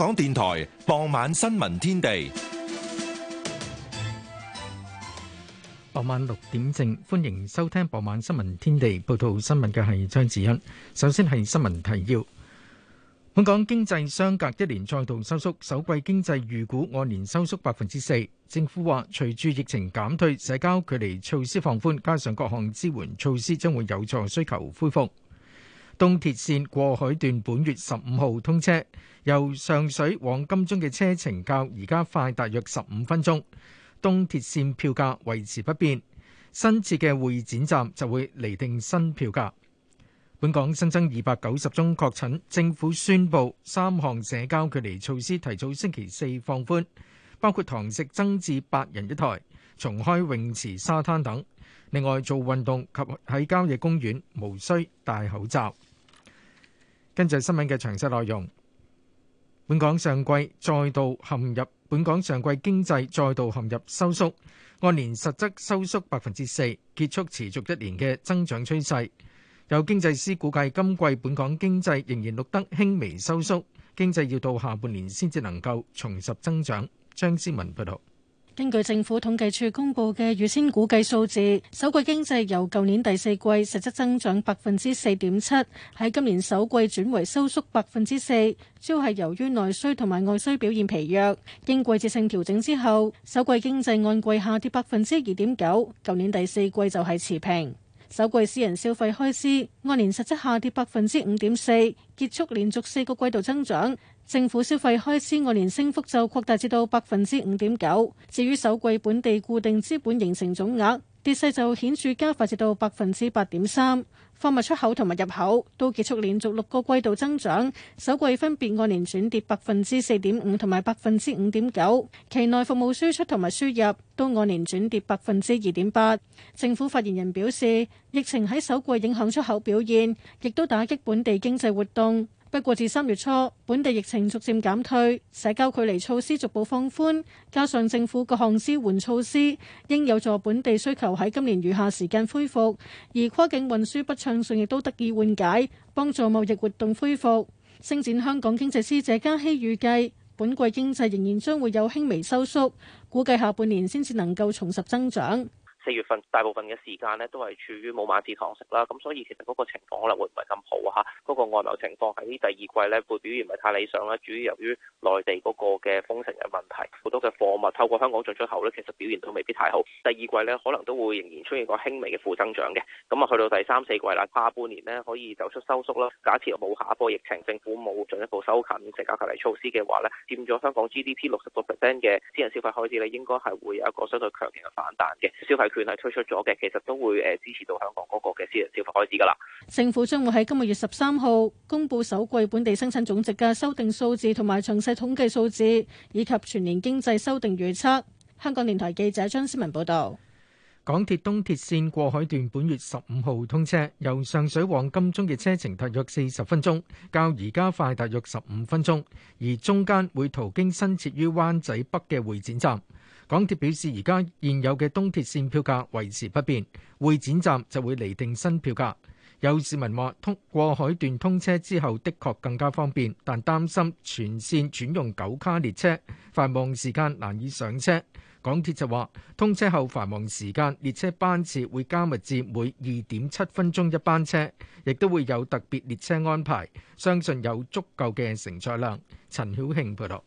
香港電台傍晚新聞天地，傍晚六點正，歡迎收聽傍晚新聞天地。報道新聞嘅係張子欣。首先係新聞提要：本港經濟相隔一年再度收縮，首季經濟預估按年收縮百分之四。政府話，隨住疫情減退、社交距離措施放寬，加上各項支援措施，將會有助需求恢復。東鐵線過海段本月十五號通車，由上水往金鐘嘅車程較而家快，大約十五分鐘。東鐵線票價維持不變，新設嘅會展站就會釐定新票價。本港新增二百九十宗確診，政府宣布三項社交距離措施提早星期四放寬，包括堂食增至八人一台、重開泳池、沙灘等。另外，做運動及喺郊野公園無需戴口罩。跟住新聞嘅詳細內容，本港上季再度陷入，本港上季經濟再度陷入收縮，按年實質收縮百分之四，結束持續一年嘅增長趨勢。有經濟師估計，今季本港經濟仍然錄得輕微收縮，經濟要到下半年先至能夠重拾增長。張思文報道。根據政府統計處公布嘅預先估計數字，首季經濟由舊年第四季實質增長百分之四點七，喺今年首季轉為收縮百分之四，主要係由於內需同埋外需表現疲弱。經季節性調整之後，首季經濟按季下跌百分之二點九，舊年第四季就係持平。首季私人消費開支按年實質下跌百分之五點四，結束連續四個季度增長。政府消費開支按年升幅就擴大至到百分之五點九。至於首季本地固定資本形成總額，跌勢就顯著加快至到百分之八點三。貨物出口同埋入口都結束連續六個季度增長，首季分別按年轉跌百分之四點五同埋百分之五點九。期內服務輸出同埋輸入都按年轉跌百分之二點八。政府發言人表示，疫情喺首季影響出口表現，亦都打擊本地經濟活動。不過，至三月初本地疫情逐漸減退，社交距離措施逐步放寬，加上政府各項支援措施，應有助本地需求喺今年餘下時間恢復。而跨境運輸不暢順亦都得以緩解，幫助貿易活動恢復。星展香港經濟師謝嘉希預計，本季經濟仍然將會有輕微收縮，估計下半年先至能夠重拾增長。四月份大部分嘅時間呢都係處於冇晚市堂食啦，咁所以其實嗰個情況可能會唔係咁好吓，嗰、啊嗰個外貿情況喺第二季呢，會表現唔係太理想啦，主要由於內地嗰個嘅封城嘅問題，好多嘅貨物透過香港進出口呢，其實表現都未必太好，第二季呢，可能都會仍然出現個輕微嘅負增長嘅，咁啊去到第三四季啦，下半年呢，可以走出收縮啦。假設冇下一波疫情，政府冇進一步收緊社交隔離措施嘅話呢，佔咗香港 GDP 六十個 percent 嘅私人消費開支呢，應該係會有一個相對強勁嘅反彈嘅消費。權係推出咗嘅，其實都會誒支持到香港嗰個嘅私人消費開支噶啦。政府將會喺今個月十三號公布首季本地生產總值嘅修訂數字同埋詳細統計數字，以及全年經濟修訂預測。香港電台記者張思文報道。港鐵東鐵線過海段本月十五號通車，由上水往金鐘嘅車程大約四十分鐘，較而家快大約十五分鐘，而中間會途經新設於灣仔北嘅會展站。港鐵表示，而家現有嘅東鐵綫票價維持不變，會展站就會釐定新票價。有市民話通過海段通車之後的確更加方便，但擔心全綫轉用九卡列車繁忙時間難以上車，港鐵就話通車後繁忙時間列車班次會加密至每二點七分鐘一班車，亦都會有特別列車安排，相信有足夠嘅乘載量。陳曉慶報道。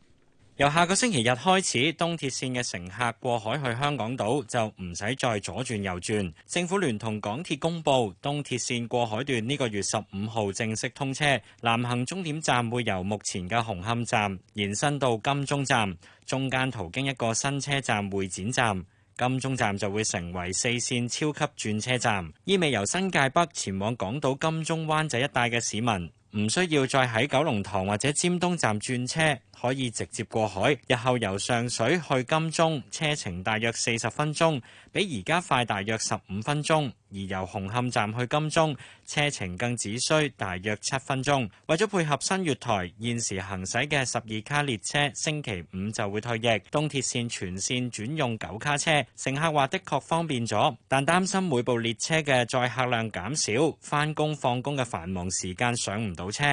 由下個星期日開始，東鐵線嘅乘客過海去香港島就唔使再左轉右轉。政府聯同港鐵公佈，東鐵線過海段呢個月十五號正式通車，南行終點站會由目前嘅紅磡站延伸到金鐘站，中間途經一個新車站會展站。金鐘站就會成為四線超級轉車站，意味由新界北前往港島金鐘、灣仔一帶嘅市民，唔需要再喺九龍塘或者尖東站轉車，可以直接過海。日後由上水去金鐘，車程大約四十分鐘，比而家快大約十五分鐘。而由紅磡站去金鐘，車程更只需大約七分鐘。為咗配合新月台現時行駛嘅十二卡列車，星期五就會退役。東鐵線全線轉用九卡車，乘客話的確方便咗，但擔心每部列車嘅載客量減少，翻工放工嘅繁忙時間上唔到車，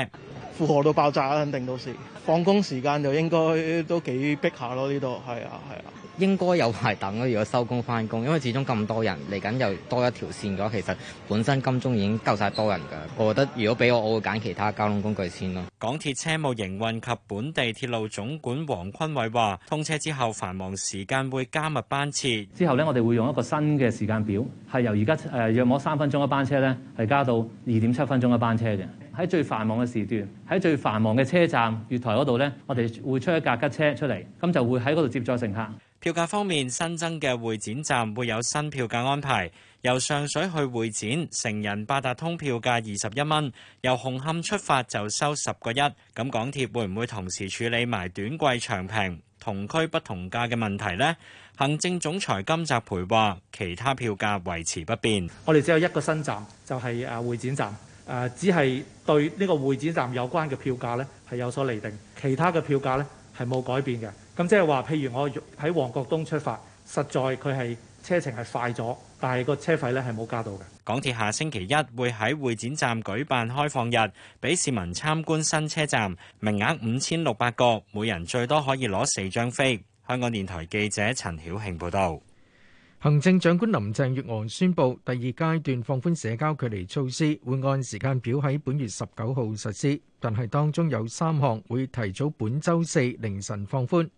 負荷到爆炸啦！肯定到時放工時間就應該都幾逼下咯。呢度係啊係啊。應該有排等咯。如果收工翻工，因為始終咁多人嚟緊，又多一條線嘅話，其實本身金鐘已經夠晒多人㗎。我覺得如果俾我，我會揀其他交通工具先咯。港鐵車務營運及本地鐵路總管黃坤偉話，通車之後，繁忙時間會加密班次。之後咧，我哋會用一個新嘅時間表，係由而家誒約摸三分鐘一班車咧，係加到二點七分鐘一班車嘅。喺最繁忙嘅時段，喺最繁忙嘅車站月台嗰度咧，我哋會出一架吉車出嚟，咁就會喺嗰度接載乘客。票價方面，新增嘅會展站會有新票價安排。由上水去會展，成人八達通票價二十一蚊；由紅磡出發就收十個一。咁港鐵會唔會同時處理埋短貴長平同區不同價嘅問題呢？行政總裁金澤培話：其他票價維持不變。我哋只有一個新站，就係、是、誒會展站，誒、呃、只係對呢個會展站有關嘅票價呢係有所釐定，其他嘅票價呢係冇改變嘅。咁即係話，譬如我喺旺角東出發，實在佢係車程係快咗，但係個車費呢係冇加到嘅。港鐵下星期一會喺會展站舉辦開放日，俾市民參觀新車站，名額五千六百個，每人最多可以攞四張飛。香港電台記者陳曉慶報道。行政長官林鄭月娥宣布，第二階段放寬社交距離措施會按時間表喺本月十九號實施，但係當中有三項會提早本週四凌晨放寬。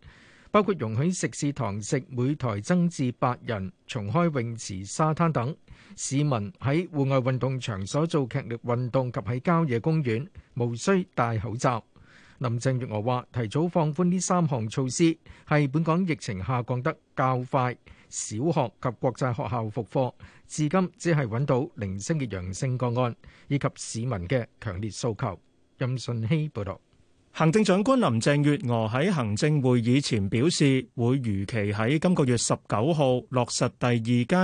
包括容許食肆堂食每台增至八人、重開泳池、沙灘等，市民喺戶外運動場所做劇烈運動及喺郊野公園無需戴口罩。林鄭月娥話：提早放寬呢三項措施係本港疫情下降得較快，小學及國際學校復課至今只係揾到零星嘅陽性個案，以及市民嘅強烈訴求。任順希報導。行政長官林鄭月娥喺行政會議前表示，會如期喺今個月十九號落實第二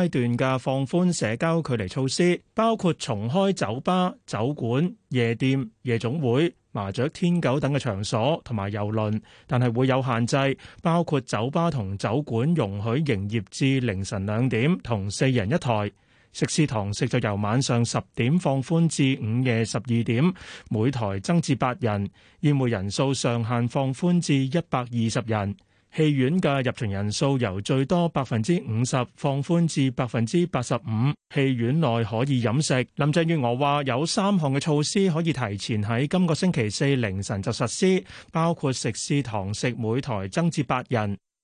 階段嘅放寬社交距離措施，包括重開酒吧、酒館、夜店、夜總會、麻雀、天九等嘅場所同埋遊輪，但係會有限制，包括酒吧同酒館容許營業至凌晨兩點，同四人一台。食肆堂食就由晚上十點放寬至午夜十二點，每台增至八人；宴會人數上限放寬至一百二十人。戲院嘅入場人數由最多百分之五十放寬至百分之八十五，戲院內可以飲食。林鄭月娥話有三項嘅措施可以提前喺今個星期四凌晨就實施，包括食肆堂食每台增至八人。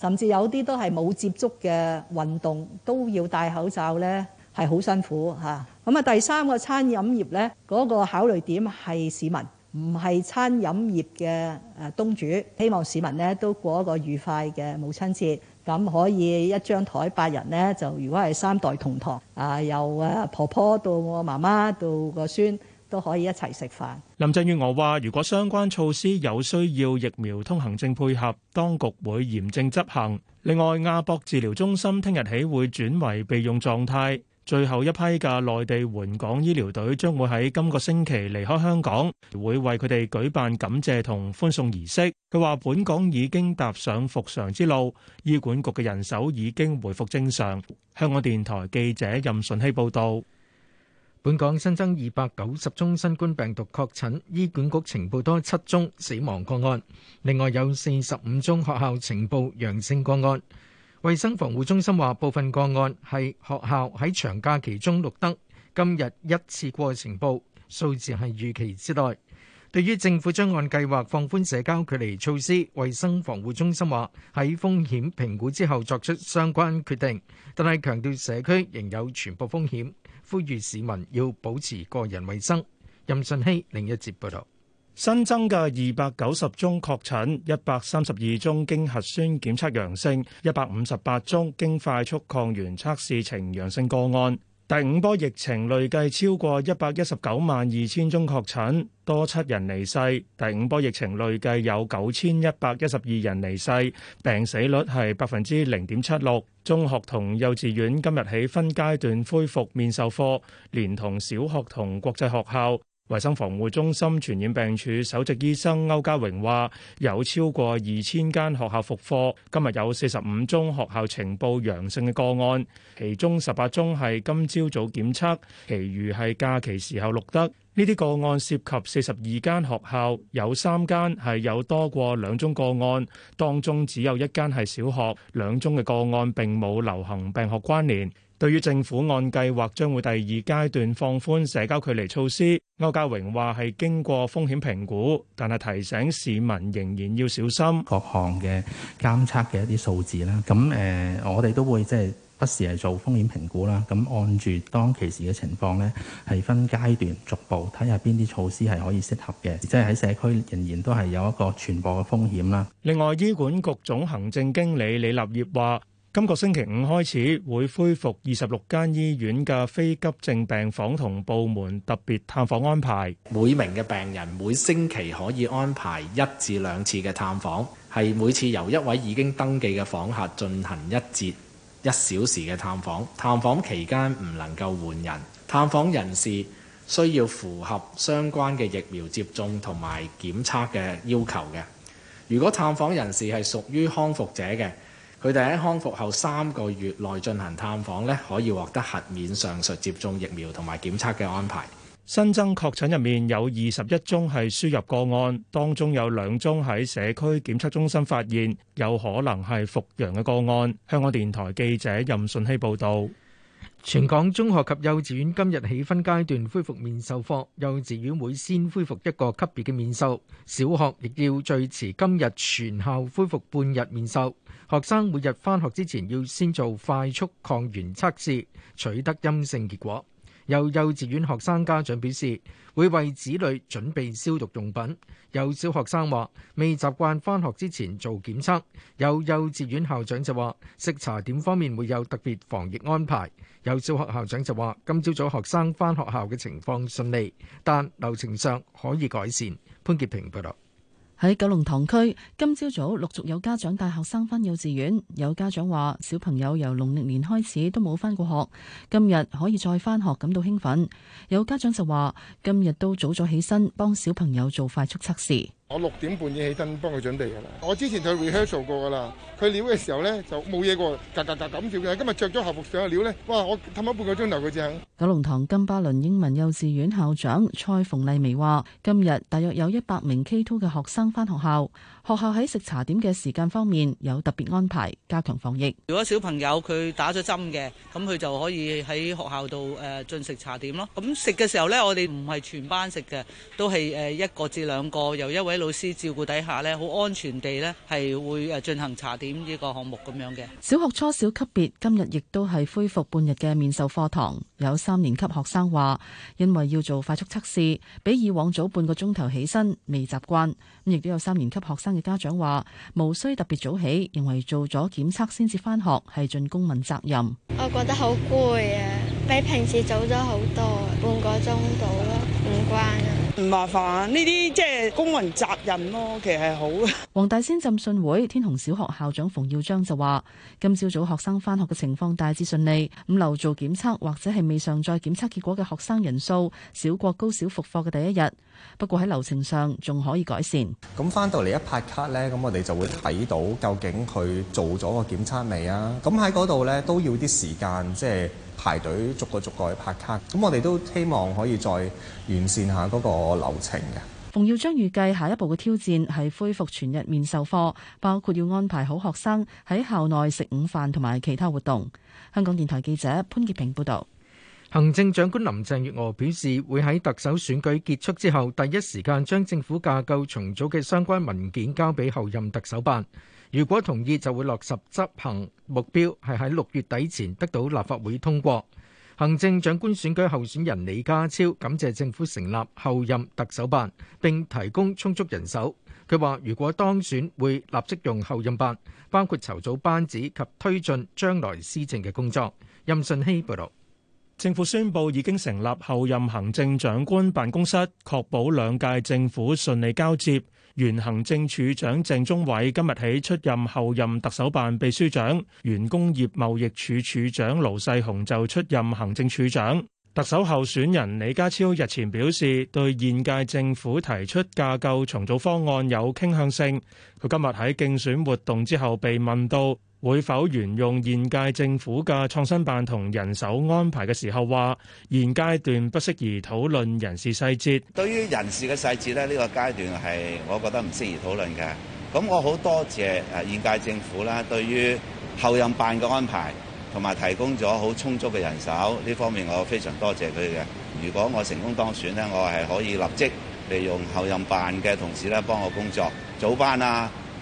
甚至有啲都係冇接觸嘅運動，都要戴口罩呢，係好辛苦嚇。咁啊，第三個餐飲業呢，嗰個考慮點係市民，唔係餐飲業嘅誒東主，希望市民呢都過一個愉快嘅母親節，咁可以一張台八人呢，就如果係三代同堂啊，由誒婆婆到我媽媽到個孫。都可以一齊食飯。林鄭月娥話：如果相關措施有需要疫苗通行證配合，當局會嚴正執行。另外，亞博治療中心聽日起會轉為備用狀態。最後一批嘅內地援港醫療隊將會喺今個星期離開香港，會為佢哋舉辦感謝同歡送儀式。佢話：本港已經踏上復常之路，醫管局嘅人手已經回復正常。香港電台記者任順希報導。本港新增二百九十宗新冠病毒確診，醫管局呈報多七宗死亡個案，另外有四十五宗學校呈報陽性個案。衛生防護中心話，部分個案係學校喺長假期中錄得，今日一次過呈報，數字係預期之內。對於政府將按計劃放寬社交距離措施，衛生防護中心話喺風險評估之後作出相關決定，但係強調社區仍有傳播風險。呼籲市民要保持個人衛生。任信希另一節報導：新增嘅二百九十宗確診，一百三十二宗經核酸檢測陽性，一百五十八宗經快速抗原測試呈陽性個案。第五波疫情累計超過一百一十九萬二千宗確診，多七人離世。第五波疫情累計有九千一百一十二人離世，病死率係百分之零點七六。中學同幼稚園今日起分階段恢復面授課，連同小學同國際學校。衛生防護中心傳染病處首席醫生歐家榮話：有超過二千間學校復課，今日有四十五宗學校呈報陽性嘅個案，其中十八宗係今朝早檢測，其餘係假期時候錄得。呢啲個案涉及四十二間學校，有三間係有多過兩宗個案，當中只有一間係小學，兩宗嘅個案並冇流行病學關聯。對於政府按計劃將會第二階段放寬社交距離措施，歐家榮話係經過風險評估，但係提醒市民仍然要小心各項嘅監測嘅一啲數字啦。咁誒，我哋都會即係不時係做風險評估啦。咁按住當其時嘅情況咧，係分階段逐步睇下邊啲措施係可以適合嘅，即係喺社區仍然都係有一個傳播嘅風險啦。另外，醫管局總行政經理李立業話。今個星期五開始，會恢復二十六間醫院嘅非急症病房同部門特別探訪安排。每名嘅病人每星期可以安排一至兩次嘅探訪，係每次由一位已經登記嘅訪客進行一節一小時嘅探訪。探訪期間唔能夠換人。探訪人士需要符合相關嘅疫苗接種同埋檢測嘅要求嘅。如果探訪人士係屬於康復者嘅。佢哋喺康復後三個月內進行探訪呢，可以獲得豁免上述接種疫苗同埋檢測嘅安排。新增確診入面有二十一宗係輸入個案，當中有兩宗喺社區檢測中心發現有可能係復陽嘅個案。香港電台記者任信希報導。全港中學及幼稚園今日起分階段恢復面授課，幼稚園會先恢復一個級別嘅面授，小學亦要最遲今日全校恢復半日面授。學生每日返學之前要先做快速抗原測試，取得陰性結果。有幼稚園學生家長表示會為子女準備消毒用品，有小學生話未習慣翻學之前做檢測，有幼稚園校長就話食茶點方面會有特別防疫安排，有小學校長就話今朝早學生翻學校嘅情況順利，但流程上可以改善。潘潔平報道。喺九龍塘區，今朝早陸續有家長帶學生返幼稚園。有家長話，小朋友由農曆年開始都冇返過學，今日可以再返學感到興奮。有家長就話，今日都早咗起身幫小朋友做快速測試。我六點半要起身幫佢準備噶啦，我之前就 rehearsal 過噶啦，佢料嘅時候咧就冇嘢喎，格格格咁跳嘅。今日着咗校服上去料咧，哇，我氹咗半個鐘頭佢正。九龍塘金巴倫英文幼稚園校長蔡馮麗薇話，今日大約有一百名 K2 嘅學生翻學校。學校喺食茶點嘅時間方面有特別安排，加強防疫。如果小朋友佢打咗針嘅，咁佢就可以喺學校度誒進食茶點咯。咁食嘅時候呢，我哋唔係全班食嘅，都係誒一個至兩個，由一位老師照顧底下呢，好安全地呢係會誒進行茶點呢個項目咁樣嘅。小學初小級別今日亦都係恢復半日嘅面授課堂。有三年級學生話，因為要做快速測試，比以往早半個鐘頭起身，未習慣。亦都有三年級學生嘅家長話，無需特別早起，認為做咗檢測先至返學，係盡公民責任。我覺得好攰啊，比平時早咗好多，半個鐘到咯，唔慣啊。唔麻煩，呢啲即係公民責任咯，哦，其實係好。黃大仙浸信會天虹小學校長馮耀章就話：今朝早，早學生返學嘅情況大致順利，咁留做檢測或者係未上載檢測結果嘅學生人數少過高小復課嘅第一日。不過喺流程上仲可以改善。咁翻到嚟一拍卡呢，咁我哋就會睇到究竟佢做咗個檢測未啊？咁喺嗰度呢，都要啲時間，即係。排隊逐個逐個去拍卡，咁我哋都希望可以再完善下嗰個流程嘅。馮耀章預計下一步嘅挑戰係恢復全日面授課，包括要安排好學生喺校內食午飯同埋其他活動。香港電台記者潘潔平報導。行政長官林鄭月娥表示，會喺特首選舉結束之後，第一時間將政府架構重組嘅相關文件交俾候任特首辦。如果同意就會落實執行，目標係喺六月底前得到立法會通過。行政長官選舉候選人李家超感謝政府成立候任特首辦，並提供充足人手。佢話如果當選會立即用候任辦，包括籌組班子及推進將來施政嘅工作。任信希報道。政府宣布已經成立候任行政長官辦公室，確保兩屆政府順利交接。原行政署長鄭中偉今日起出任候任特首辦秘書長，原工業貿易署署長盧世雄就出任行政署長。特首候選人李家超日前表示，對現屆政府提出架構重組方案有傾向性。佢今日喺競選活動之後被問到，會否沿用現屆政府嘅創新辦同人手安排嘅時候話，現階段不適宜討論人事細節。對於人事嘅細節咧，呢個階段係我覺得唔適宜討論嘅。咁我好多謝誒現屆政府啦，對於候任辦嘅安排同埋提供咗好充足嘅人手呢方面，我非常多謝佢嘅。如果我成功當選呢，我係可以立即利用候任辦嘅同事咧幫我工作，早班啊。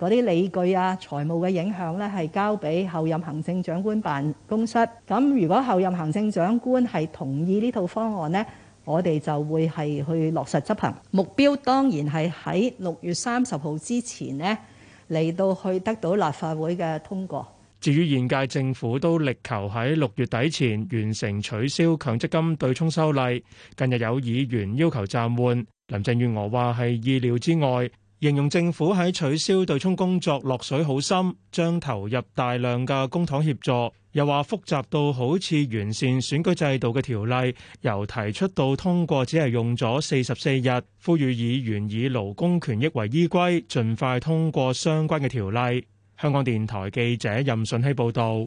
嗰啲理據啊、財務嘅影響咧，係交俾後任行政長官辦公室。咁如果後任行政長官係同意呢套方案呢，我哋就會係去落實執行。目標當然係喺六月三十號之前呢，嚟到去得到立法會嘅通過。至於現屆政府都力求喺六月底前完成取消強積金對沖修例，近日有議員要求暫緩，林鄭月娥話係意料之外。形容政府喺取消對沖工作落水好深，將投入大量嘅公帑協助。又話複雜到好似完善選舉制度嘅條例，由提出到通過只係用咗四十四日。呼籲議員以勞工權益為依歸，盡快通過相關嘅條例。香港電台記者任順希報道。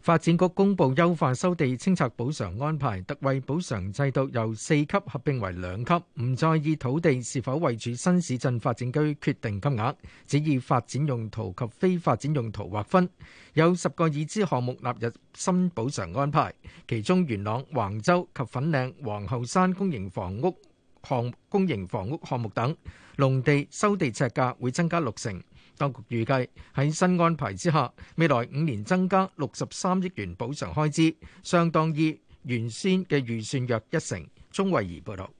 發展局公布優化收地清拆補償安排，特惠補償制度由四級合併為兩級，唔再以土地是否位於新市鎮發展區決定金額，只以發展用途及非發展用途劃分。有十個已知項目納入新補償安排，其中元朗、橫洲及粉嶺、皇后山公營房屋項目、公營房屋項目等，農地收地尺價會增加六成。當局預計喺新安排之下，未來五年增加六十三億元補償開支，相當於原先嘅預算約一成。鍾慧儀報導，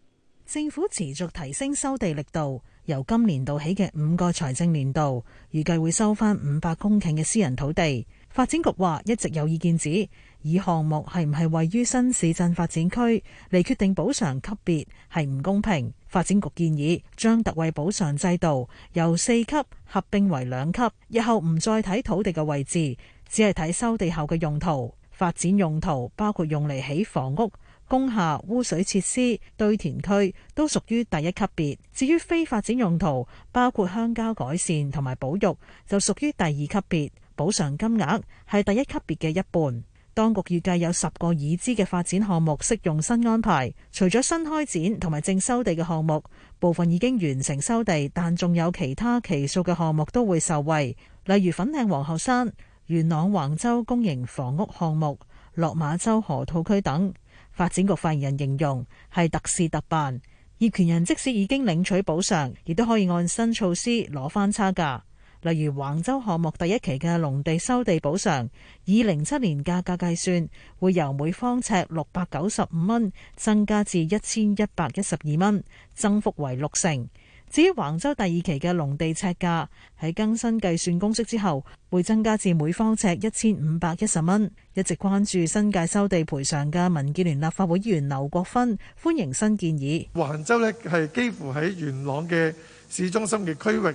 政府持續提升收地力度，由今年度起嘅五個財政年度，預計會收翻五百公頃嘅私人土地。發展局話一直有意見指，以項目係唔係位於新市鎮發展區嚟，決定補償級別係唔公平。發展局建議將特惠補償制度由四級合併為兩級，日後唔再睇土地嘅位置，只係睇收地後嘅用途。發展用途包括用嚟起房屋、工廈、污水設施、堆填區，都屬於第一級別。至於非發展用途，包括鄉郊改善同埋保育，就屬於第二級別。補償金額係第一級別嘅一半。當局預計有十個已知嘅發展項目適用新安排，除咗新開展同埋正收地嘅項目，部分已經完成收地，但仲有其他期數嘅項目都會受惠，例如粉嶺皇后山、元朗橫洲公營房屋項目、落馬洲河套區等。發展局發言人形容係特事特辦，業權人即使已經領取補償，亦都可以按新措施攞翻差價。例如橫州項目第一期嘅農地收地補償，以零七年價格計算，會由每方尺六百九十五蚊增加至一千一百一十二蚊，增幅為六成。至於橫州第二期嘅農地尺價，喺更新計算公式之後，會增加至每方尺一千五百一十蚊。一直關注新界收地賠償嘅民建聯立法會議員劉國芬歡迎新建議。橫州呢係幾乎喺元朗嘅市中心嘅區域。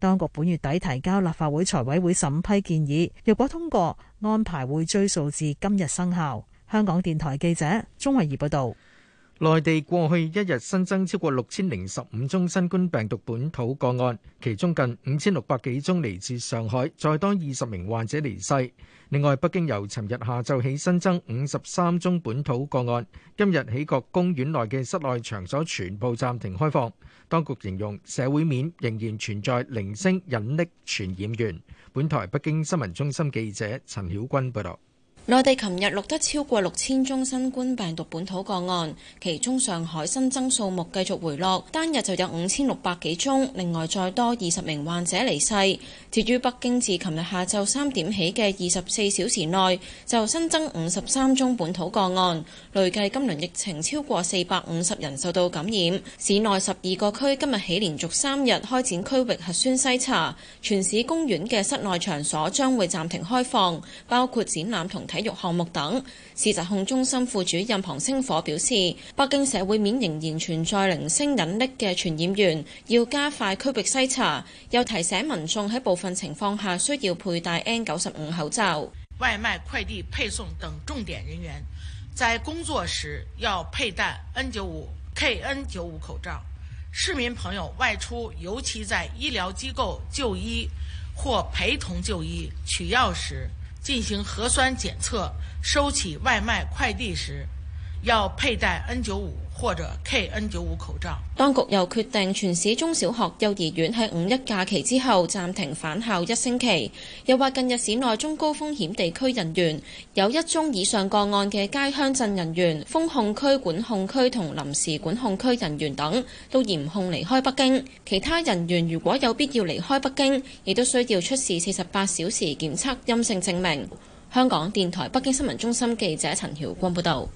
當局本月底提交立法會財委會審批建議，若果通過，安排會追溯至今日生效。香港電台記者鍾慧儀報道。內地過去一日新增超過六千零十五宗新冠病毒本土個案，其中近五千六百幾宗嚟自上海，再多二十名患者離世。另外，北京由尋日下晝起新增五十三宗本土個案，今日起各公園內嘅室內場所全部暫停開放。當局形容社會面仍然存在零星隱匿傳染源。本台北京新聞中心記者陳曉君報道。內地琴日錄得超過六千宗新冠病毒本土個案，其中上海新增數目繼續回落，單日就有五千六百幾宗。另外再多二十名患者離世。至於北京，自琴日下晝三點起嘅二十四小時內就新增五十三宗本土個案，累計今輪疫情超過四百五十人受到感染。市內十二個區今日起連續三日開展區域核酸篩查，全市公園嘅室內場所將會暫停開放，包括展覽同體體育項目等，市疾控中心副主任龐星火表示，北京社會面仍然存在零星隱匿嘅傳染源，要加快區域篩查，又提醒民眾喺部分情況下需要佩戴 N 九十五口罩。外賣、快遞配送等重點人員在工作時要佩戴 N 九五 KN 九五口罩。市民朋友外出，尤其在醫療機構就醫或陪同就醫、取藥時，進行核酸檢測，收取外賣快遞時，要佩戴 N95。或者 KN 九五口罩。當局又決定全市中小學、幼兒園喺五一假期之後暫停返校一星期。又話近日市內中高風險地區人員，有一宗以上個案嘅街鄉鎮人員、封控區、管控區同臨時管控區人員等，都嚴控離開北京。其他人員如果有必要離開北京，亦都需要出示四十八小時檢測陰性證明。香港電台北京新聞中心記者陳曉君報道。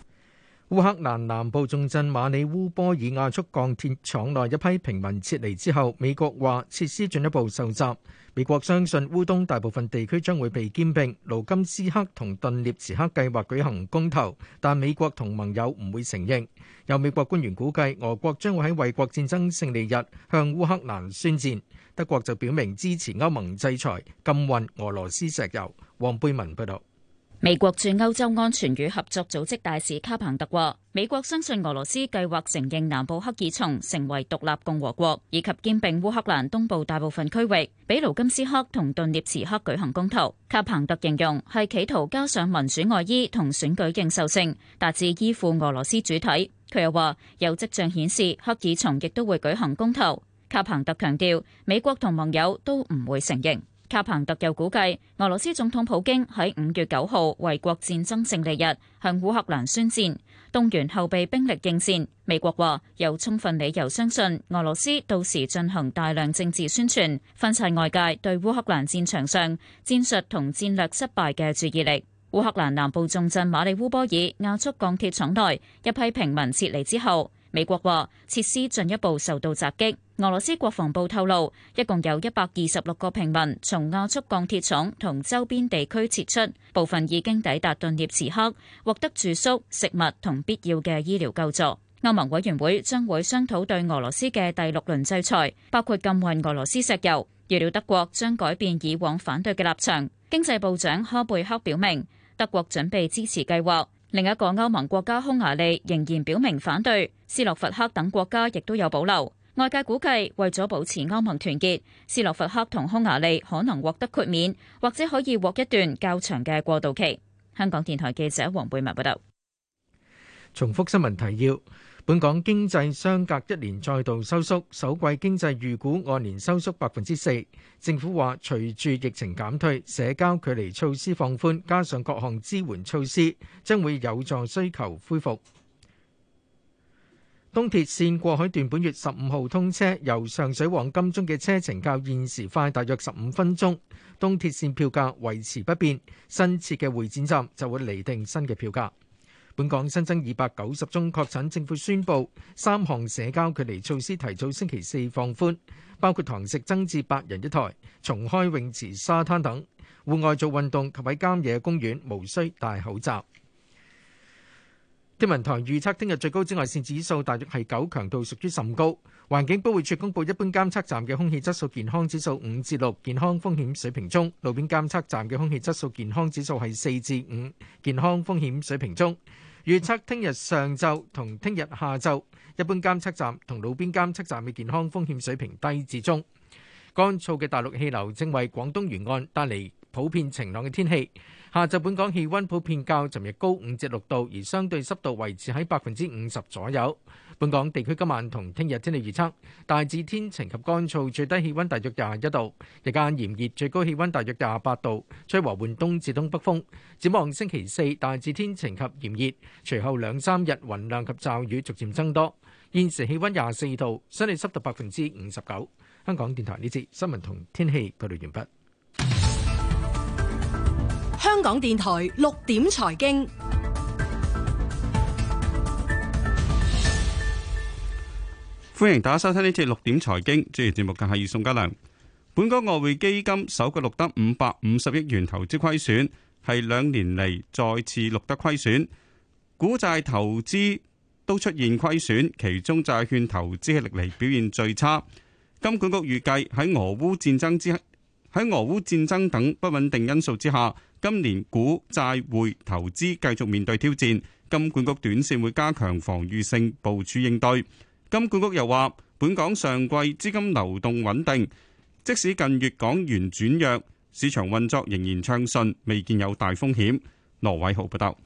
烏克蘭南部重鎮馬里烏波爾亞速鋼鐵廠內一批平民撤離之後，美國話設施進一步受襲。美國相信烏東大部分地區將會被兼併。盧甘斯克同頓涅茨克計劃，計劃舉行公投，但美國同盟友唔會承認。有美國官員估計，俄國將會喺衛國戰爭勝利日向烏克蘭宣戰。德國就表明支持歐盟制裁禁運俄羅斯石油。黃貝文報道。美國駐歐洲安全與合作組織大使卡彭特話，美國相信俄羅斯計劃承認南部克爾松成為獨立共和國，以及兼併烏克蘭東部大部分區域。比盧金斯克同頓涅茨克舉行公投。卡彭特形容係企圖加上民主外衣同選舉認受性，達至依附俄羅斯主體。佢又話有跡象顯示克爾松亦都會舉行公投。卡彭特強調，美國同盟友都唔會承認。卡彭特又估計，俄羅斯總統普京喺五月九號衛國戰爭勝利日向烏克蘭宣戰，動員後備兵力應戰。美國話有充分理由相信，俄羅斯到時進行大量政治宣傳，分散外界對烏克蘭戰場上戰術同戰略失敗嘅注意力。烏克蘭南部重鎮馬里烏波爾亞速鋼鐵廠內一批平民撤離之後，美國話設施進一步受到襲擊。俄羅斯國防部透露，一共有一百二十六個平民從亞速鋼鐵廠同周邊地區撤出，部分已經抵達頓涅茨克，獲得住宿、食物同必要嘅醫療救助。歐盟委員會將會商討對俄羅斯嘅第六輪制裁，包括禁運俄羅斯石油。預料德國將改變以往反對嘅立場。經濟部長哈貝克表明，德國準備支持計劃。另一個歐盟國家匈牙利仍然表明反對，斯洛伐克等國家亦都有保留。外界估計，為咗保持歐盟團結，斯洛伐克同匈牙利可能獲得豁免，或者可以獲一段較長嘅過渡期。香港電台記者黃貝文報道。重複新聞提要：本港經濟相隔一年再度收縮，首季經濟預估按年收縮百分之四。政府話，隨住疫情減退、社交距離措施放寬，加上各項支援措施，將會有助需求恢復。東鐵線過海段本月十五號通車，由上水往金鐘嘅車程較現時快大約十五分鐘。東鐵線票價維持不變，新設嘅會展站就會釐定新嘅票價。本港新增二百九十宗確診，政府宣布三項社交距離措施提早星期四放寬，包括堂食增至八人一台、重開泳池、沙灘等戶外做運動及喺郊野公園無需戴口罩。天文台預測聽日最高紫外線指數大約係九，強度屬於甚高。環境保護署公布一般監測站嘅空氣質素健康指數五至六，健康風險水平中；路邊監測站嘅空氣質素健康指數係四至五，健康風險水平中。預測聽日上晝同聽日下晝，一般監測站同路邊監測站嘅健康風險水平低至中。乾燥嘅大陸氣流正為廣東沿岸帶嚟普遍晴朗嘅天氣，下晝本港氣温普遍較尋日高五至六度，而相對濕度維持喺百分之五十左右。本港地區今晚同聽日天氣預測大致天晴及乾燥，最低氣温大約廿一度，日間炎熱，最高氣温大約廿八度，吹和緩東至東北風。展望星期四大致天晴及炎熱，隨後兩三日雲量及驟雨逐漸增多。現時氣温廿四度，相對濕度百分之五十九。香港電台呢節新聞同天氣報道完畢。香港電台六點財經，歡迎大家收聽呢次六點財經，主持節目嘅係宋嘉良。本港外匯基金首季錄得五百五十億元投資虧損，係兩年嚟再次錄得虧損。股債投資都出現虧損，其中債券投資係歷嚟表現最差。金管局預計喺俄烏戰爭之喺俄烏戰爭等不穩定因素之下。今年股債匯投資繼續面對挑戰，金管局短線會加強防禦性部署應對。金管局又話，本港上季資金流動穩定，即使近月港元轉弱，市場運作仍然暢順，未見有大風險。羅偉豪報道。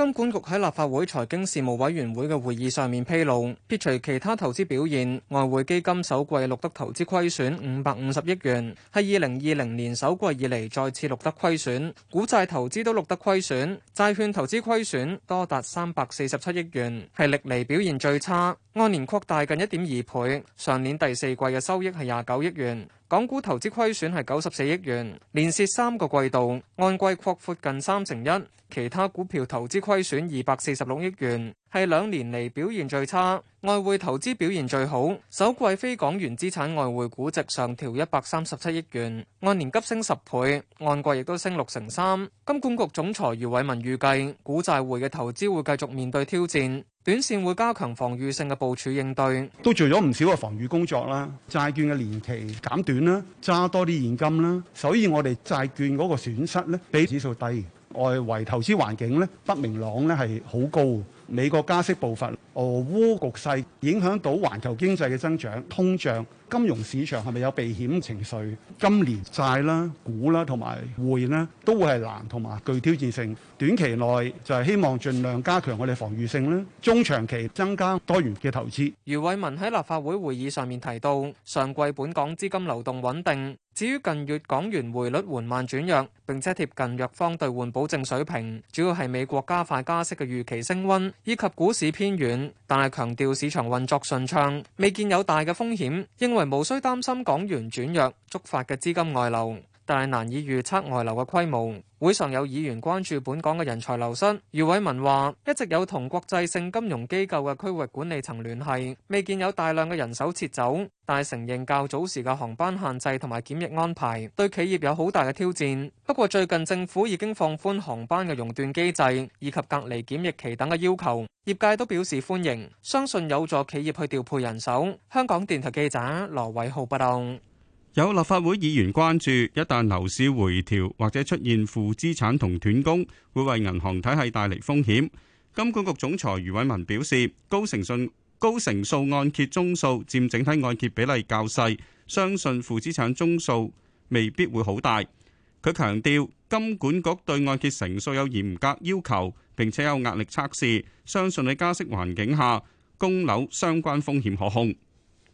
金管局喺立法會財經事務委員會嘅會議上面披露，撇除其他投資表現，外匯基金首季錄得投資虧損五百五十億元，係二零二零年首季以嚟再次錄得虧損，股債投資都錄得虧損，債券投資虧損多達三百四十七億元，係歷嚟表現最差，按年擴大近一點二倍，上年第四季嘅收益係廿九億元。港股投資虧損係九十四億元，連蝕三個季度，按季擴闊近三成一，其他股票投資虧損二百四十六億元，係兩年嚟表現最差，外匯投資表現最好。首季非港元資產外匯估值上調一百三十七億元，按年急升十倍，按季亦都升六成三。金管局總裁余偉文預計，股債匯嘅投資會繼續面對挑戰，短線會加強防禦性嘅部署應對，都做咗唔少嘅防禦工作啦。債券嘅年期減短啦，揸多啲現金啦，所以我哋債券嗰個損失呢，比指數低。外圍投資環境呢，不明朗呢，係好高。美國加息步伐、俄烏局勢影響到環球經濟嘅增長、通脹、金融市場係咪有避險情緒？今年債啦、股啦同埋匯呢，都會係難同埋具挑戰性。短期內就係希望盡量加強我哋防禦性咧，中長期增加多元嘅投資。余偉文喺立法會會議上面提到，上季本港資金流動穩定。至於近月港元匯率緩慢轉弱，並且貼近弱方兌換保證水平，主要係美國加快加息嘅預期升溫，以及股市偏軟。但係強調市場運作順暢，未見有大嘅風險，認為無需擔心港元轉弱觸發嘅資金外流，但係難以預測外流嘅規模。會上有議員關注本港嘅人才流失，余偉文話：一直有同國際性金融機構嘅區域管理層聯繫，未見有大量嘅人手撤走，但係承認較早時嘅航班限制同埋檢疫安排對企業有好大嘅挑戰。不過最近政府已經放寬航班嘅熔斷機制以及隔離檢疫期等嘅要求，業界都表示歡迎，相信有助企業去調配人手。香港電台記者羅偉浩報道。有立法會議員關注，一旦樓市回調或者出現負資產同斷供，會為銀行體系帶嚟風險。金管局總裁余偉文表示，高成數、高成數按揭宗數佔整體按揭比例較細，相信負資產宗數未必會好大。佢強調，金管局對按揭成數有嚴格要求，並且有壓力測試，相信喺加息環境下，供樓相關風險可控。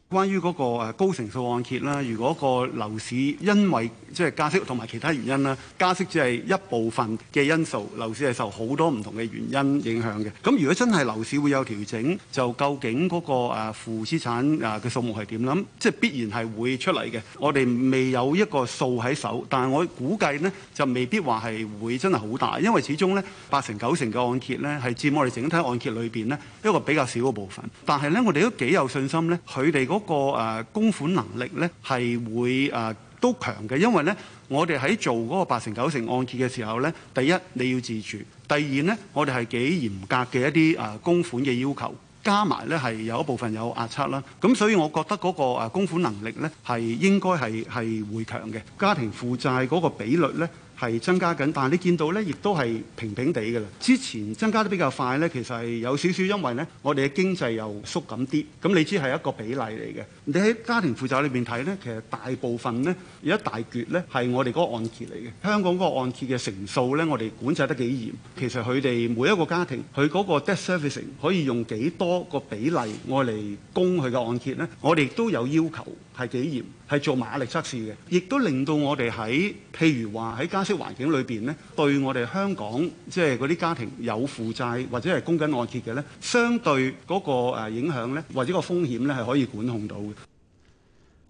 關於嗰個誒高成數按揭啦，如果個樓市因為即係、就是、加息同埋其他原因啦，加息只係一部分嘅因素，樓市係受好多唔同嘅原因影響嘅。咁如果真係樓市會有調整，就究竟嗰個誒負資產啊嘅數目係點諗？即係必然係會出嚟嘅。我哋未有一個數喺手，但係我估計呢，就未必話係會真係好大，因為始終呢，八成九成嘅按揭呢，係佔我哋整體按揭裏邊呢，一個比較少嘅部分。但係呢，我哋都幾有信心呢，佢哋嗰個供款能力呢係會誒、啊、都強嘅，因為呢我哋喺做嗰個八成九成按揭嘅時候呢，第一你要自住，第二呢我哋係幾嚴格嘅一啲誒供款嘅要求，加埋呢係有一部分有壓測啦，咁所以我覺得嗰個供款能力呢係應該係係會強嘅，家庭負債嗰個比率呢，係增加緊，但係你見到咧，亦都係平平地㗎啦。之前增加得比較快咧，其實係有少少，因為咧，我哋嘅經濟又縮緊啲。咁你知係一個比例嚟嘅。你喺家庭負債裏邊睇咧，其實大部分咧，有一大橛咧係我哋嗰個按揭嚟嘅。香港嗰個按揭嘅成數咧，我哋管制得幾嚴。其實佢哋每一個家庭，佢嗰個 debt servicing 可以用幾多個比例我嚟供佢嘅按揭咧？我哋亦都有要求。係幾嚴，係做馬力測試嘅，亦都令到我哋喺譬如話喺加息環境裏邊呢，對我哋香港即係嗰啲家庭有負債或者係供緊按揭嘅呢，相對嗰個誒影響呢，或者個風險呢，係可以管控到嘅。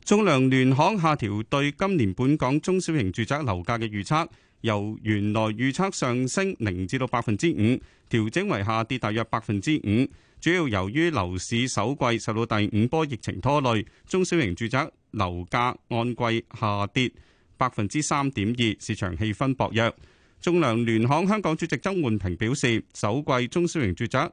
仲量聯行下調對今年本港中小型住宅樓價嘅預測。由原來預測上升零至到百分之五，調整為下跌大約百分之五，主要由於樓市首季受到第五波疫情拖累，中小型住宅樓價按季下跌百分之三點二，市場氣氛薄弱。仲量聯行香港主席曾煥平表示，首季中小型住宅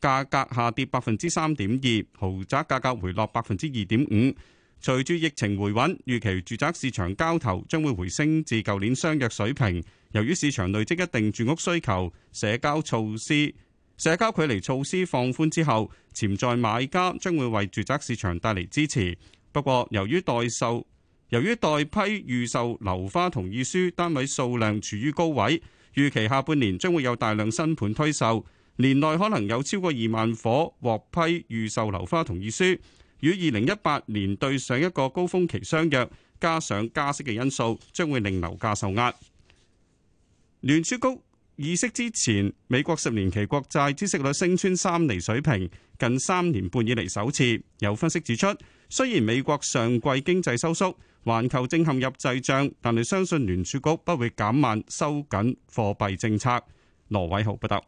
價格下跌百分之三點二，豪宅價格回落百分之二點五。隨住疫情回穩，預期住宅市場交投將會回升至舊年相若水平。由於市場累積一定住屋需求，社交措施、社交距離措施放寬之後，潛在買家將會為住宅市場帶嚟支持。不過，由於待售、由於待批預售樓花同意書單位數量處於高位，預期下半年將會有大量新盤推售，年內可能有超過二萬伙獲批預售樓花同意書。與二零一八年對上一個高峯期相若，加上加息嘅因素，將會令樓價受壓。聯儲局議息之前，美國十年期國債孳息率升穿三釐水平，近三年半以嚟首次。有分析指出，雖然美國上季經濟收縮，環球正陷入滯脹，但係相信聯儲局不會減慢收緊貨幣政策。羅偉豪報道。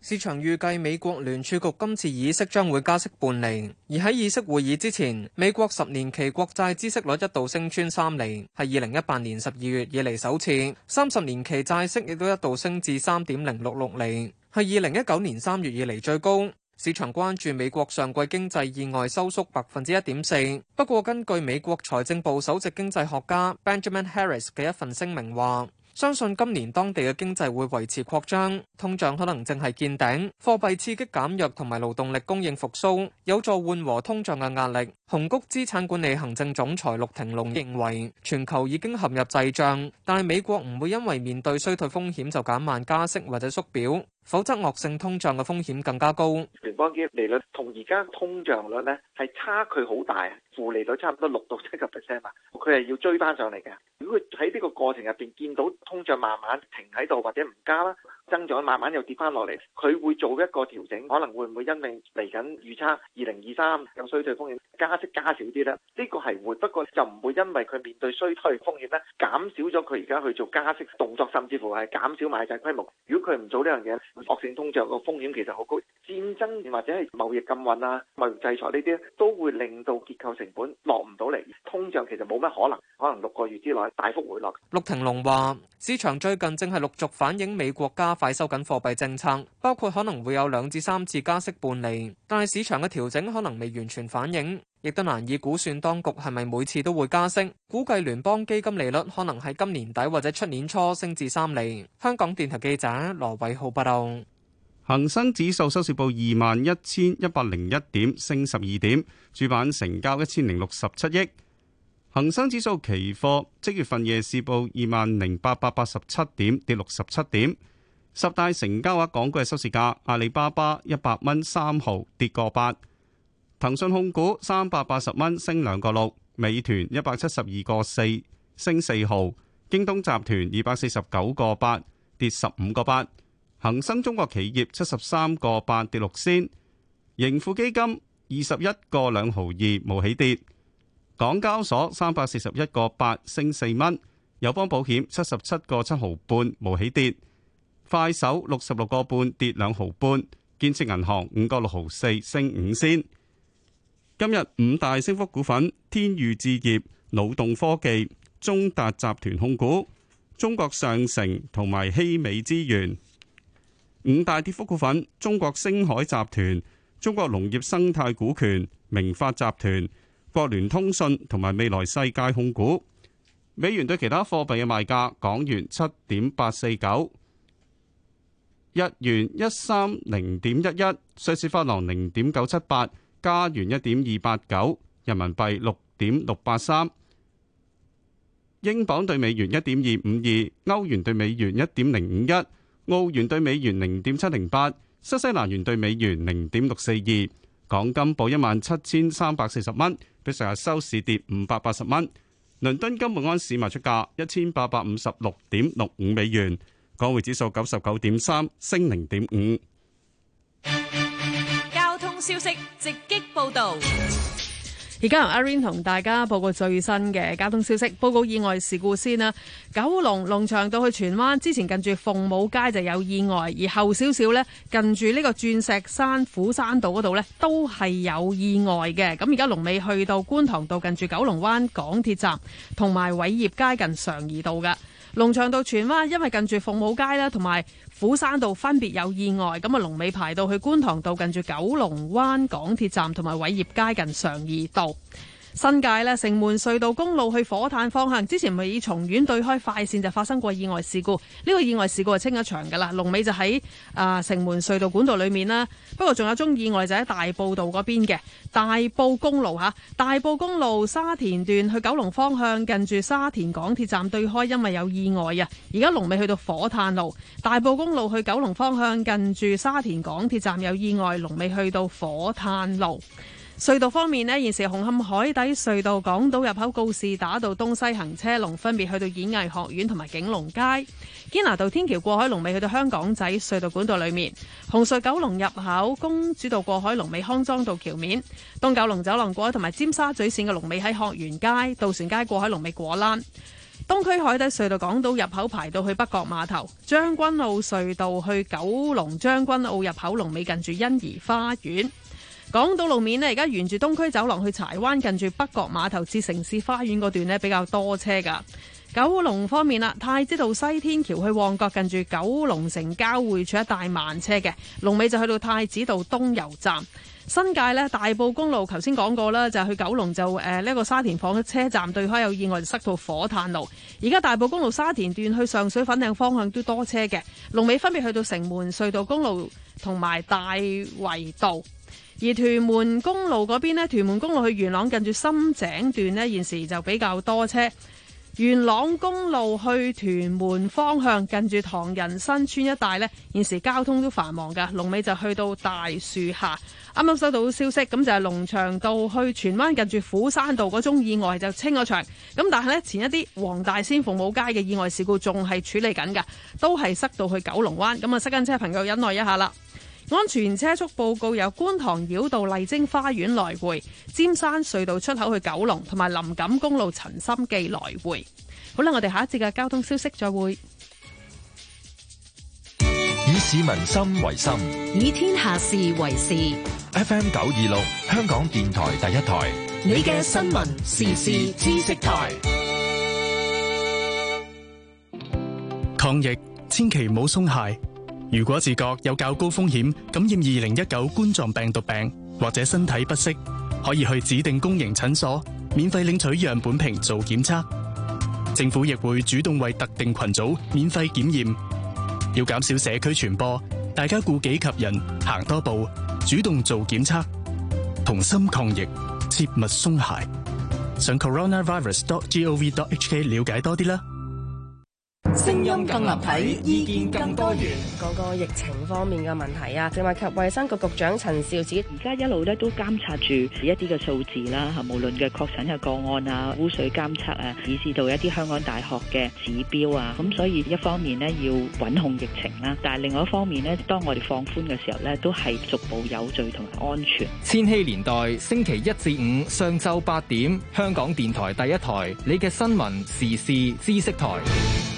市場預計美國聯儲局今次議息將會加息半厘，而喺議息會議之前，美國十年期國債孳息率一度升穿三厘，係二零一八年十二月以嚟首次。三十年期債息亦都一度升至三點零六六厘，係二零一九年三月以嚟最高。市場關注美國上季經濟意外收縮百分之一點四，不過根據美國財政部首席經濟學家 Benjamin Harris 嘅一份聲明話。相信今年當地嘅經濟會維持擴張，通脹可能正係見頂，貨幣刺激減弱同埋勞動力供應復蘇，有助緩和通脹嘅壓力。紅谷資產管理行政總裁陸庭龍認為，全球已經陷入滯脹，但係美國唔會因為面對衰退風險就減慢加息或者縮表。否則惡性通脹嘅風險更加高。聯邦基金利率同而家通脹率咧係差距好大，負利率差唔多六到七個 percent 嘛，佢係要追翻上嚟嘅。如果佢喺呢個過程入邊見到通脹慢慢停喺度或者唔加啦。增長慢慢又跌翻落嚟，佢會做一個調整，可能會唔會因為嚟緊預測二零二三有衰退風險，加息加少啲咧？呢個係會，不過就唔會因為佢面對衰退風險咧，減少咗佢而家去做加息動作，甚至乎係減少買債規模。如果佢唔做呢樣嘢，惡性通脹個風險其實好高。戰爭或者係貿易禁運啊、貿易制裁呢啲，都會令到結構成本落唔到嚟，通脹其實冇乜可能，可能六個月之內大幅回落。陸庭龍話：市場最近正係陸續反映美國加快收緊貨幣政策，包括可能會有兩至三次加息半厘，但係市場嘅調整可能未完全反映，亦都難以估算當局係咪每次都會加息。估計聯邦基金利率可能喺今年底或者出年初升至三厘。香港電台記者羅偉浩報道。恒生指數收市報二萬一千一百零一點，升十二點，主板成交一千零六十七億。恒生指數期貨即月份夜市報二萬零八百八十七點，跌六十七點。十大成交額港股嘅收市價，阿里巴巴一百蚊三毫跌個八，騰訊控股三百八十蚊升兩個六，美團一百七十二個四升四毫，京東集團二百四十九個八跌十五個八，恒生中國企業七十三個八跌六仙，盈富基金二十一個兩毫二冇起跌，港交所三百四十一個八升四蚊，友邦保險七十七個七毫半冇起跌。快手六十六個半跌兩毫半，建設銀行五個六毫四升五仙。今日五大升幅股份：天譽置業、腦動科技、中達集團控股、中國上城同埋希美資源。五大跌幅股份：中國星海集團、中國農業生態股權、明發集團、國聯通訊同埋未來世界控股。美元對其他貨幣嘅賣價：港元七點八四九。日元一三零點一一，瑞士法郎零點九七八，加元一點二八九，人民幣六點六八三，英鎊兌美元一點二五二，歐元兌美元一點零五一，澳元兌美元零點七零八，新西蘭元兌美元零點六四二，港金報一萬七千三百四十蚊，比上日收市跌五百八十蚊。倫敦金本安市賣出價一千八百五十六點六五美元。港匯指數九十九點三升零點五。交通消息直擊報道，而家由阿 Rain 同大家報告最新嘅交通消息。報告意外事故先啦，九龍龍翔道去荃灣之前近住鳳舞街就有意外，而後少少呢，近住呢個鑽石山斧山道嗰度呢，都係有意外嘅。咁而家龍尾去到觀塘道近住九龍灣港鐵站，同埋偉業街近常怡道㗎。龍翔道荃灣，因為近住鳳舞街啦，同埋虎山道分別有意外，咁啊龍尾排到去觀塘道，近住九龍灣港鐵站，同埋偉業街近常怡道。新界咧，城門隧道公路去火炭方向，之前咪以松園對開快線就發生過意外事故。呢、這個意外事故係清一場噶啦。龍尾就喺啊、呃、城門隧道管道裏面啦。不過仲有宗意外就喺大埔道嗰邊嘅大埔公路吓，大埔公路，大埔公路，啊、大埔公路沙田段去九龍方向，近住沙田港鐵站對開，因為有意外啊。而家龍尾去到火炭路，大埔公路去九龍方向近住沙田港鐵站有意外，龍尾去到火炭路。隧道方面呢，現時紅磡海底隧道港島入口告士打道東西行車龍分別去到演藝學院同埋景隆街，堅拿道天橋過海龍尾去到香港仔隧道管道裡面，紅隧九龍入口公主道過海龍尾康莊道橋面，東九龍走廊過海同埋尖沙咀線嘅龍尾喺鶴園街，渡船街過海龍尾果欄，東區海底隧道港島入口排到去北角碼頭，將軍澳隧道去九龍將軍澳入口龍尾近住欣怡花園。講到路面呢，而家沿住東區走廊去柴灣，近住北角碼頭至城市花園嗰段呢，比較多車噶。九龍方面啦，太子道西天橋去旺角，近住九龍城交匯處一帶慢車嘅龍尾就去到太子道東油站。新界呢，大埔公路，頭先講過啦，就去九龍就誒呢個沙田房嘅車站對開有意外，塞到火炭路。而家大埔公路沙田段去上水粉嶺方向都多車嘅龍尾分別去到城門隧道公路同埋大圍道。而屯門公路嗰邊咧，屯門公路去元朗近住深井段呢，現時就比較多車。元朗公路去屯門方向，近住唐人新村一帶呢，現時交通都繁忙㗎。龍尾就去到大樹下。啱啱收到消息，咁就係農場道去荃灣近住虎山道嗰宗意外就清咗場。咁但係呢，前一啲黃大仙鳳舞街嘅意外事故仲係處理緊㗎，都係塞到去九龍灣。咁啊，塞緊車朋友忍耐一下啦。安全車速報告由觀塘繞道麗晶花園來回，尖山隧道出口去九龍，同埋林錦公路陳心記來回。好啦，我哋下一節嘅交通消息再會。以市民心為心，以天下事為事。FM 九二六，香港電台第一台，你嘅新聞時事知識台。抗疫，千祈唔好鬆懈。如果自覺有較高風險感染二零一九冠狀病毒病，或者身體不適，可以去指定公營診所免費領取樣本瓶做檢測。政府亦會主動為特定群組免費檢驗。要減少社區傳播，大家顧己及人，行多步，主動做檢測，同心抗疫，切勿鬆懈。上 coronavirus.gov.hk 了解多啲啦。聲音更立體，意見更多元。個個疫情方面嘅問題啊，正話及衛生局局長陳肇始而家一路咧都監察住一啲嘅數字啦，吓無論嘅確診嘅個案啊、污水監測啊，以至到一啲香港大學嘅指標啊。咁所以一方面呢，要穩控疫情啦，但係另外一方面呢，當我哋放寬嘅時候呢，都係逐步有序同埋安全。千禧年代星期一至五上晝八點，香港電台第一台，你嘅新聞時事知識台。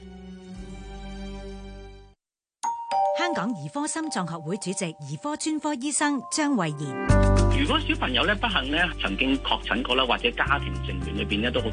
香港兒科心臟學會主席、兒科專科醫生張慧賢，如果小朋友咧不幸咧曾經確診過啦，或者家庭成員裏邊咧都好。